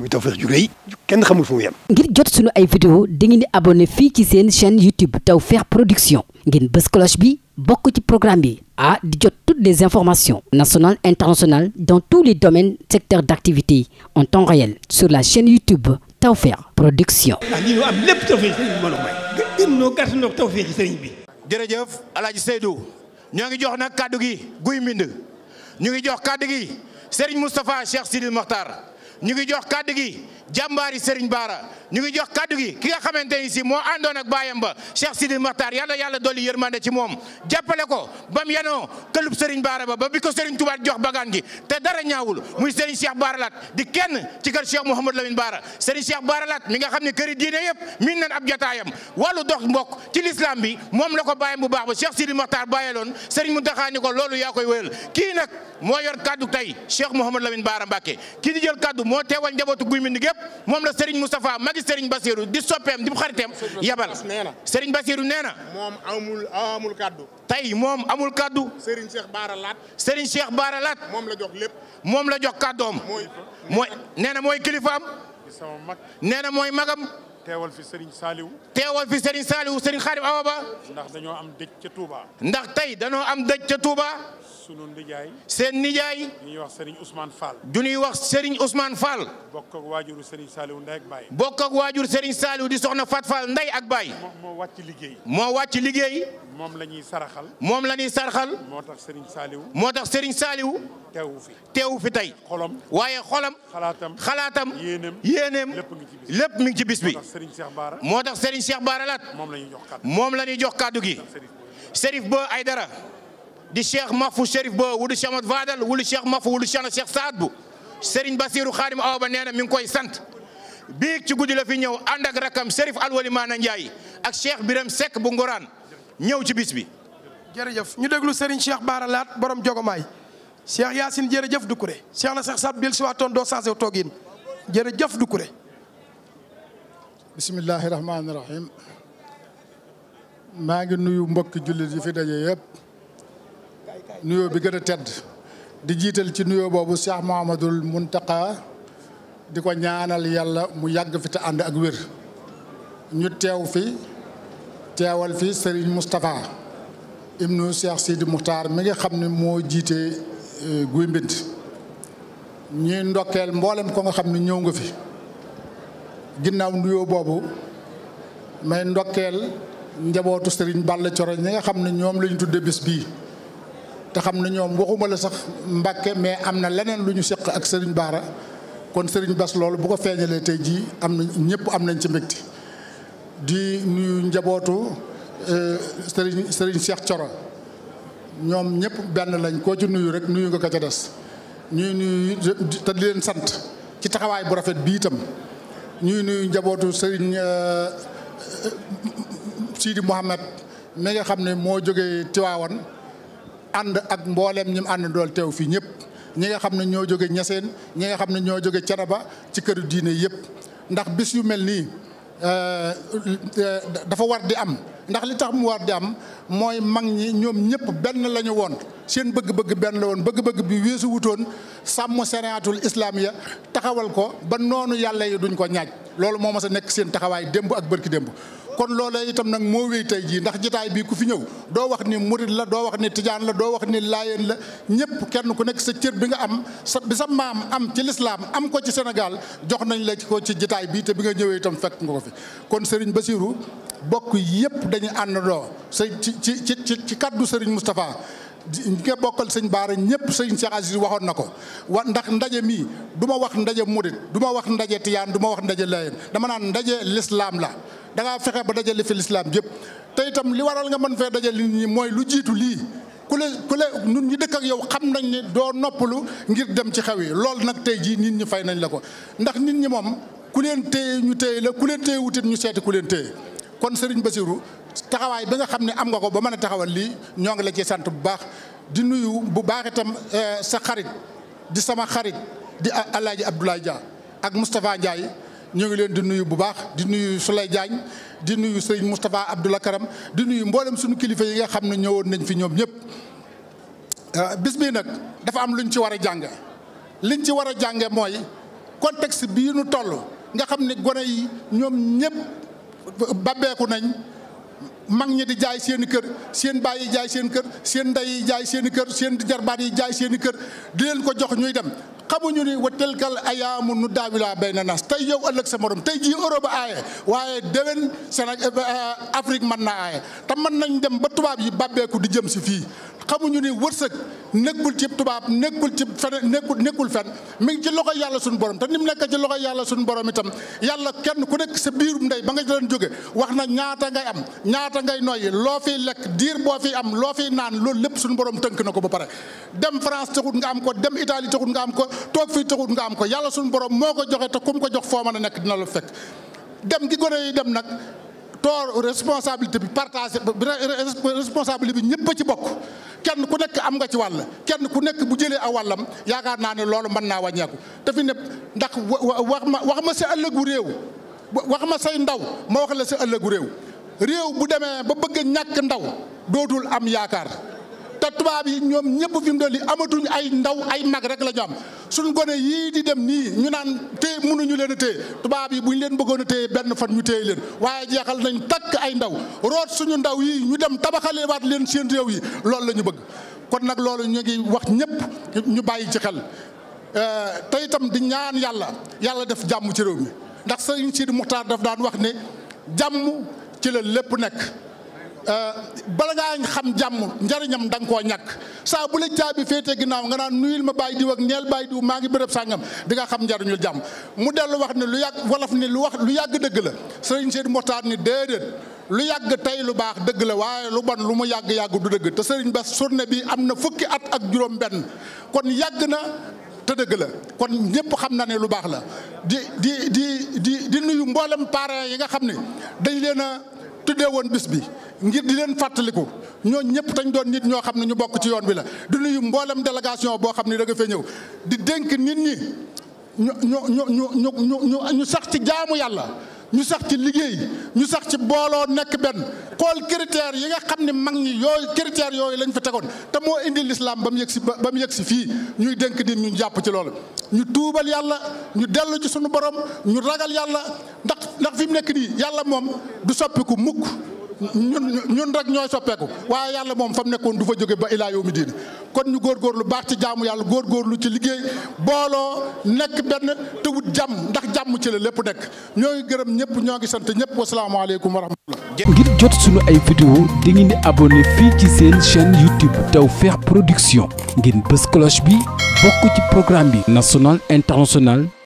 muy Tawfekh ju rëy kenn xamul fu mu yem. ngir jot sunu ay vidéo dangeen di abonné fii ci seen chaîne YouTube Tawfekh Production ngeen bës bi bokk ci programme bi ah di jot toutes les informations nationales internationales dans tous les domaines secteurs d'activité en temps réel sur la chaîne YouTube Tawfekh Production. ah lii ñu am lépp Tawfekh sëriñ bi mën a may. gën noo gàtt bi. jërëjëf El Hadj Seydou ñoo ngi jox nag kaddu gi guy mbind ñu ngi jox kaddu gi Serigne Moustapha Cheikh Sidil Mokhtar. ñu ngi jox kàdd gi jàmbaari Serigne baara ñu ngi jox kaddu gi ki nga xamante ni si moo àndoon ak baayam ba Cheikh Sidi Makhtar yàlla yàlla dolli yërmande ci moom jàppale ko ba mu yanoo këlub Serigne Bara ba ba bi ko Serigne jox bagaan gi te dara ñaawul muy Serigne Cheikh Bara laat di kenn ci kër Cheikh Mouhamadou Lamine Bara Serigne Cheikh Bara Lat mi nga xam ne këri diine yëpp min nan ab jotaayam wàllu dox mbokk ci l'islam bi moom la ko baayam bu baax ba Cheikh Sidi Makhtar bàyyeeloon Serigne Mountakha ni ko loolu yaa koy wéyal kii nag moo yor kaddu tey Cheikh Mouhamadou Lamine Bara Mbacké kii di jël kaddu moo teewal njabootu guy mbind gépp moom la Serigne Moustapha magi Serigne Bassirou di soppeem di xaritem yabal Serigne Bassirou nee na. moom amul amul kaddu. tey moom amul kaddu. Serigne Cheikh Baara Laat. Serigne Cheikh Baara Laat. moom la jox lépp. moom la jox kaddoom. mooy nee na mooy kilifaam. nee mooy magam. teewal fi Serigne Saliou. teewal fi Serigne Saliou Serigne Xaadim Awa Ba. ndax dañoo am dëj ca Touba. ndax tey dañoo am dëj ca Touba. sunu nijaay. seen nijaay. du ñuy wax Serigne Ousmane Fall. du ñuy wax Serigne Ousmane Fall. bokk waajuru Serigne Saliou Ndeye ak Baye. bokk waajur Serigne Saliou di soxna Fat Fall Ndeye ak baay moo wàcc liggéey. moo wàcc liggéey. moom la ñuy saraxal. moom la ñuy saraxal. moo tax Serigne Saliou. moo tax Serigne Saliou. teewu fi teewu fi tey. xolam waaye xolam. xalaatam xalaatam. yéeneem yéeneem lépp mi ci bis bi. Serigne Cheikh moo tax Serigne Cheikh Baara laat moom la ñuy jox kàddu moom la ñuy jox kàddu gi. Serif ay Aydara di Cheikh Mahfou Serif Ba wulu Cheikh Mat Vadal wulu Cheikh Mahfou wulu Cheikh na Cheikh Saad bu Serigne Bassirou Khadim Awa Ba nee mi ngi koy sant. biig ci guddi la fi ñëw ànd ak rakam Serif Alwali Maana Ndiaye ak Cheikh Biram sek bu Ngoraan ñëw ci bis bi. jërëjëf ñu déglu Serigne Cheikh Baara laat borom jogomaay Cheikh Yacine jërëjëf Doucouré Cheikh na Cheikh Saad bu dellusiwaatoon doo changé toogin jërëjëf Doucouré bisimillahi rahmaani rahim ngi nuyu mbokki jullit yi fi daje yëpp nuyoo bi gën a tedd di jiital ci nuyoo boobu Cheikh Mahamadul Muntaqa di ko ñaanal yàlla mu yàgg fi te ànd ak wér ñu teew fi teewal fi Serigne Moustapha ibnu Cheikh Sidi Muxtaar mi nga xam ne moo jiite eh, guy mbind ñuy ndokkeel mboolem ko nga xam ni ñëw nga fi ginnaaw nuyoo boobu may ndokkeel njabootu Serigne Balla Coro ñi nga xam ne ñoom la ñu tudde bis bii te xam ne ñoom waxuma sax Mbàkke mais am na leneen lu ñu seq ak Serigne Baara kon Serigne Bass loolu bu ko feeñalee tey jii am na ñëpp am nañ ci mbégte di nuyu njabootu euh, sëriñ Serigne Cheikh Coro ñoom ñëpp benn lañ koo ci nuyu rek nuyu nga ko ca des ñuy nuyu te leen sant ci taxawaay bu rafet bii itam. ñuy nuyu njabootu sëriñ euh, Sidi Mouhamed mi nga xam ne moo jóge Tiwaawan ànd ak mboolem ñi mu ànd dool teew fii ñëpp ñi nga xam ne ñoo jóge ñaseen ñi nga xam ne ñoo jóge canaba ci kër diine yëpp ndax bis yu mel nii euh, euh, dafa war di am ndax li tax mu war di am mooy mag ñi ñoom ñëpp benn la ñu woon seen bëgg-bëgg benn la woon bëgg-bëgg bi weesu wutoon sàmm séréatul islam ya taxawal ko ba noonu yàlla yi duñ ko ñaaj loolu moo mas a nekk seen taxawaay démb ak bërki démb kon loolee itam nag moo wéy tey jii ndax jitaay bii ku fi ñëw doo wax ni murit la doo wax ni tijaan la doo wax ni laayeen la ñëpp kenn ku nekk sa cër bi nga am sa bi sa maam am ci lislaam am ko ci Sénégal jox nañu la ko ci jitaay bii te bi nga ñëwee itam fekk nga ko fi kon Serigne Bassirou bokk yëpp dañu àndandoo sa ci ci ci ci kàddu Serigne Moustapha nga bokkal sëñ Baara ñëpp sëñ Cheikh Aziz waxoon na ko wa ndax ndaje mii du ma wax ndaje murit du ma wax ndaje tiyaan du ma wax ndaje layen dama naan ndaje lislaam la da fexe ba dajale fi lislaam yëpp tey itam li waral nga man fee dajale nit ñi mooy lu jiitu lii ku le ku le ñun ñu dëkk ak yow xam nañ ne doo noppalu ngir dem ci xew yi loolu nag tey jii nit ñi fay nañ la ko ndax nit ñi moom ku leen téye ñu teye la ku leen téye wutit ñu seeti ku leen téye kon Serigne Bassirou taxawaay bi nga xam ne am nga ko ba mën a taxawal lii ñoo ngi la ci sant bu baax di nuyu bu baax itam eh, sa xarit di sama xarit di Alaaji Abdoulaye jaa ak Moustapha Ndiaye ñu ngi leen di nuyu bu baax di nuyu Souley Diagne di nuyu Serigne Moustapha Abdoulaye Karam di nuyu mboolem suñu kilifa yi nga xam ne ñëwoon nañ fi ñoom ñëpp eh, bis bii nag dafa am luñ ci war a jànge liñ ci war a jànge mooy contexte bii nu toll nga xam ne gone yi ñoom ñëpp babbeeku nañ mag ñi di jaay seeni kër seen bàyyi jaay seen kër seen ndey jaay seen kër seen jarbaat yi jaay seeni kër di leen ko jox ñuy dem xamuñu ni wa telkal ayaamu nu daawila bayna naas tey yow ëllëg sa morom tey jii Europe aaye waaye déwén Sénégal Afrique mën na aaye te mën nañ dem ba tubaab yi bàbbeeku di jëm si fii xamuñu ni wërsëg nekkul ci tubaab nekkul ci fen nekkul nekkul fen mi ngi ci loxo yàlla suñu borom te ni mu nekk ci loxo yàlla suñu borom itam yàlla kenn ku nekk sa biirum ndey ba nga ci doon jóge wax na ñaata ngay am ñaata ngay noyyi loo fiy lekk diir boo fi am loo fiy naan loolu lépp suñu borom tënk na ko ba pare dem France taxut nga am ko dem Italie taxut nga am ko toog fii taxut nga am ko yàlla suñu borom moo ko joxe te ku mu ko jox foo mën a nekk dina la fekk dem toor responsabilité bi partagé responsabilité bi ñëpp a ci bokk kenn ku nekk am nga ci wàll kenn ku nekk bu jëlee a wàllam yaakaar naa ne loolu mën naa wàññeeku te fi ne ndax wax ma wax ma àll gu réew wax ma say ndaw ma wax la sa ëllëgu réew réew bu demee ba bëgg a ñàkk ndaw dootul am yaakaar tubaab yi ñoom ñëpp fi mu doon li amatuñ ay ndaw ay mag rek la ñu suñ gone yii di dem nii ñu naan téye mënuñu leen a téye tubaab yi bu ñu leen bëggoon a téye benn fan ñu téye leen waaye jeexal nañ takk ay ndaw root suñu ndaw yi ñu dem tabaxalewaat leen seen réew yi loolu la ñu bëgg kon nag loolu ñu ngi wax ñëpp ñu bàyyi ci xel euh, te itam di ñaan yàlla yàlla def jàmm ci réew mi ndax sëriñ Sidi Muxtaar daf daan wax ne jàmm ci la lépp nekk Euh, bala ngaa xam jàmm njariñam da nga koo ñàkk saa bu la bi féete ginnaaw nga naan nuyul ma bàyyi diw ak neel bàyyi diw maa ngi bërëb sàngam di nga xam njariñul jàmm mu dellu wax ne lu yàgg wolof ni lu wax lu yàgg dëgg la sëriñ Seydi Moxtaar ni déedéet lu yàgg tey lu baax dëgg la waaye lu bon lu mu yàgg-yàgg du dëgg te sëriñ Bass surne bi am na fukki at ak juróom benn kon yàgg na te dëgg la kon ñëpp xam na ne lu baax la di di di di di nuyu mboolem parents yi nga xam ne dañ leen dee woon bis bi ngir di leen fàttaliku ñooñ ñëpp tañ doon nit ñoo xam ne ñu bokk ci yoon bi la du nuyu mboolem délégation boo xam ne da fee ñëw di dénk nit ñi ñu ñu ñu ñu ñu ñu sax ci jaamu yàlla ñu sax ci liggéey ñu sax ci booloo nekk benn xool critères yi nga xam ne mag ñi yooyu critères yooyu lañ fa tegoon te moo indi lislaam ba mu yegg si ba mu yegg si fii ñuy dénk di ñu jàpp ci lool ñu tuubal yàlla ñu dellu ci suñu borom ñu ragal yàlla ndax ndax fi mu nekk nii yàlla moom du soppiku mukk ñun ñun rek ñooy soppeeku waaye yàlla moom fa nekkoon du fa jóge ba ilaa yow mi diine kon ñu góorgóorlu baax ci jaamu yàlla góor góorgóorlu ci liggéey booloo nekk benn te wut jàmm ndax jàmm ci la lépp nekk ñoo ngi gërëm ñëpp ñoo ngi sant ñëpp wasalaamaaleykum wa rahmatullah ngir jot suñu ay vidéo di ngeen di abonné fii ci seen chaîne YouTube Tawfekh Production ngeen bës cloche bi bokk ci programme bi national international